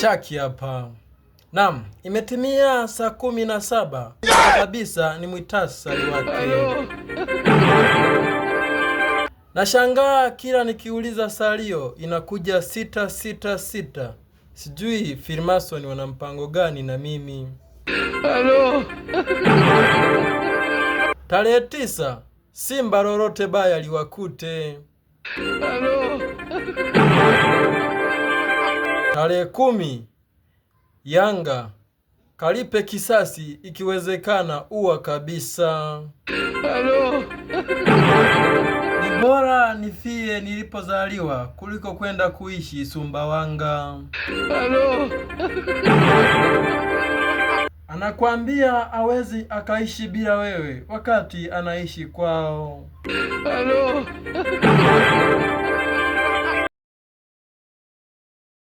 Shaki hapa. Naam, imetimia saa kumi na saba kabisa, ni mwitasari wake. Nashangaa kila nikiuliza salio inakuja sita sita sita. Sijui Filmason wana mpango gani na mimi. Halo. Tarehe tisa, Simba lolote baya liwakute. Halo. Tarehe kumi, Yanga kalipe kisasi, ikiwezekana uwa kabisa. Halo. Ni bora nifie nilipozaliwa kuliko kwenda kuishi Sumbawanga. Halo. Anakwambia awezi akaishi bila wewe wakati anaishi kwao. Halo.